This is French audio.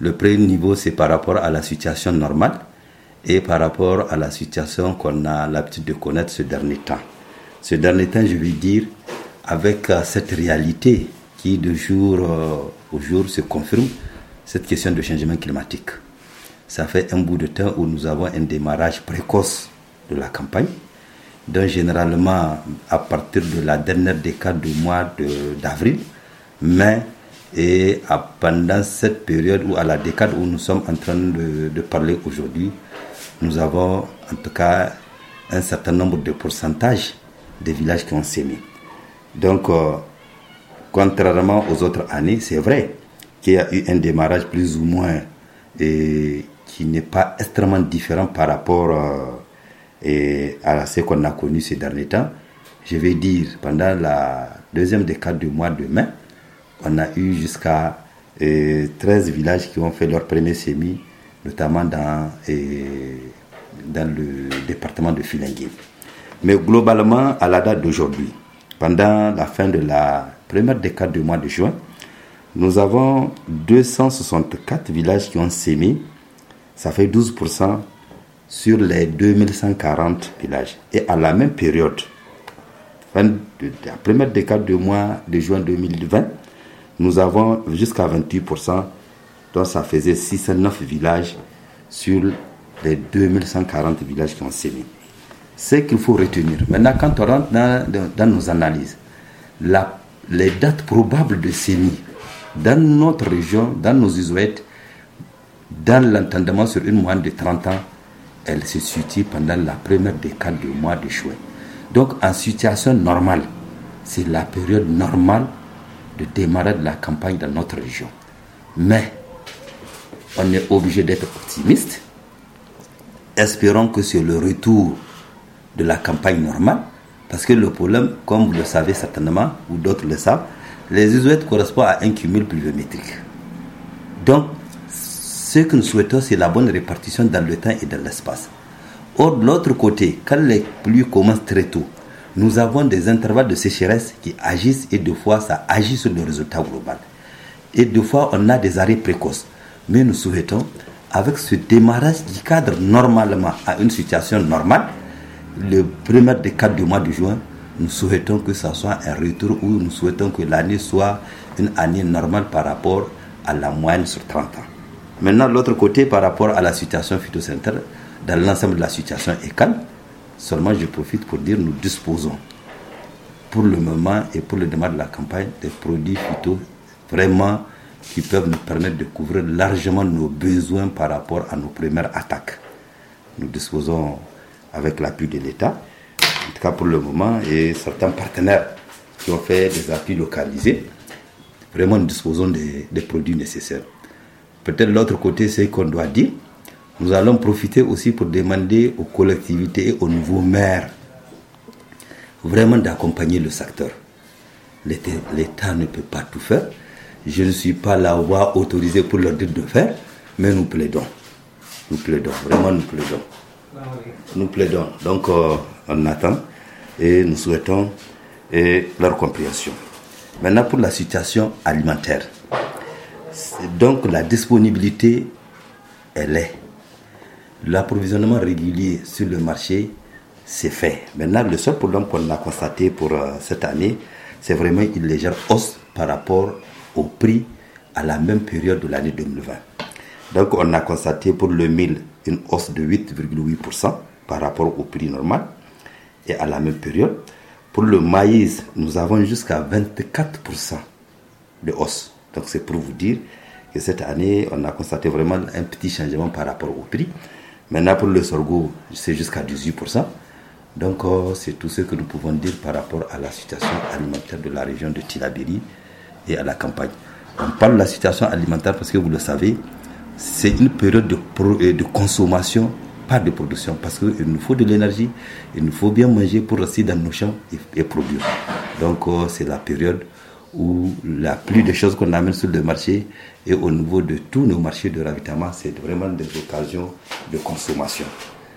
Le premier niveau, c'est par rapport à la situation normale et par rapport à la situation qu'on a l'habitude de connaître ce dernier temps. Ce dernier temps, je veux dire, avec euh, cette réalité qui de jour euh, au jour se confirme, cette question de changement climatique. Ça fait un bout de temps où nous avons un démarrage précoce de la campagne, donc généralement à partir de la dernière décade du mois d'avril, mais et pendant cette période ou à la décade où nous sommes en train de, parler aujourd'hui, nous avons en tout cas un certain nombre de pourcentages des villages qui ont sémé. Donc, euh, contrairement aux autres années, c'est vrai qu'il y a eu un démarrage plus ou moins et, qui n'est pas extrêmement différent par rapport euh, et à ce qu'on a connu ces derniers temps. Je vais dire, pendant la deuxième décade du mois de mai, on a eu jusqu'à 13 eh, villages qui ont fait leur premier semis, notamment dans, eh, dans le département de Filingué. Mais globalement, à la date d'aujourd'hui, pendant la fin de la première décade du mois de juin, nous avons 264 villages qui ont sémé, ça fait 12% sur les 2140 villages. Et à la même période, la première décade du mois de juin 2020, nous avons jusqu'à 28%, donc ça faisait 609 villages sur les 2140 villages qui ont sémi. C'est qu'il faut retenir. Maintenant, quand on rentre dans, nos analyses, les dates probables de sémi dans notre région, dans nos isouettes, dans l'entendement sur une moyenne de 30 ans, elle se situe pendant la première décade du mois de juin. Donc, en situation normale, c'est la période normale de démarrer de la campagne dans notre région. Mais on est obligé d'être optimiste. Espérons que c'est le retour de la campagne normale, parce que le problème, comme vous le savez certainement, ou d'autres le savent, les isouettes correspondent à un cumul pluviométrique. Donc, ce que nous souhaitons, c'est la bonne répartition dans le temps et dans l'espace. Or, de l'autre côté, quand les pluies commencent très tôt, nous avons des intervalles de sécheresse qui agissent et deux fois ça agit sur le résultat global. Et deux fois on a des arrêts précoces. Mais nous souhaitons, avec ce démarrage du cadre normalement à une situation normale, le premier des quatre du mois de juin, nous souhaitons que ça soit un retour où nous souhaitons que l'année soit une année normale par rapport à la moyenne sur 30 ans. Maintenant, l'autre côté, par rapport à la situation phytocentrale, dans l'ensemble de la situation est calme. Seulement, je profite pour dire nous disposons pour le moment et pour le démarrage de la campagne des produits plutôt vraiment qui peuvent nous permettre de couvrir largement nos besoins par rapport à nos premières attaques. Nous disposons avec l'appui de l'État, en tout cas pour le moment, et certains partenaires qui ont fait des appuis localisés. Vraiment, nous disposons des, des produits nécessaires. Peut-être l'autre côté, c'est qu'on doit dire, nous allons profiter aussi pour demander aux collectivités et aux nouveaux maires vraiment d'accompagner le secteur. L'État ne peut pas tout faire. Je ne suis pas la voix autorisée pour leur dire de faire, mais nous plaidons. Nous plaidons, vraiment nous plaidons. Nous plaidons. Donc euh, on attend et nous souhaitons leur compréhension. Maintenant pour la situation alimentaire. Donc la disponibilité, elle est l'approvisionnement régulier sur le marché, c'est fait. Maintenant, le seul problème qu'on a constaté pour euh, cette année, c'est vraiment une légère hausse par rapport au prix à la même période de l'année 2020. Donc, on a constaté pour le 1000 une hausse de 8,8% par rapport au prix normal et à la même période. Pour le maïs, nous avons jusqu'à 24% de hausse. Donc, c'est pour vous dire que cette année, on a constaté vraiment un petit changement par rapport au prix. Maintenant, pour le sorgho, c'est jusqu'à 18%. Donc, euh, c'est tout ce que nous pouvons dire par rapport à la situation alimentaire de la région de Tilabiri et à la campagne. On parle de la situation alimentaire parce que vous le savez, c'est une période de, euh, consommation, pas de production, parce qu'il nous faut de l'énergie, il nous faut bien manger pour rester dans nos champs et, produire. Donc, euh, c'est la période où la plus des choses qu'on amène sur le marché et au niveau de tous nos marchés de ravitaillement, c'est vraiment des occasions de consommation.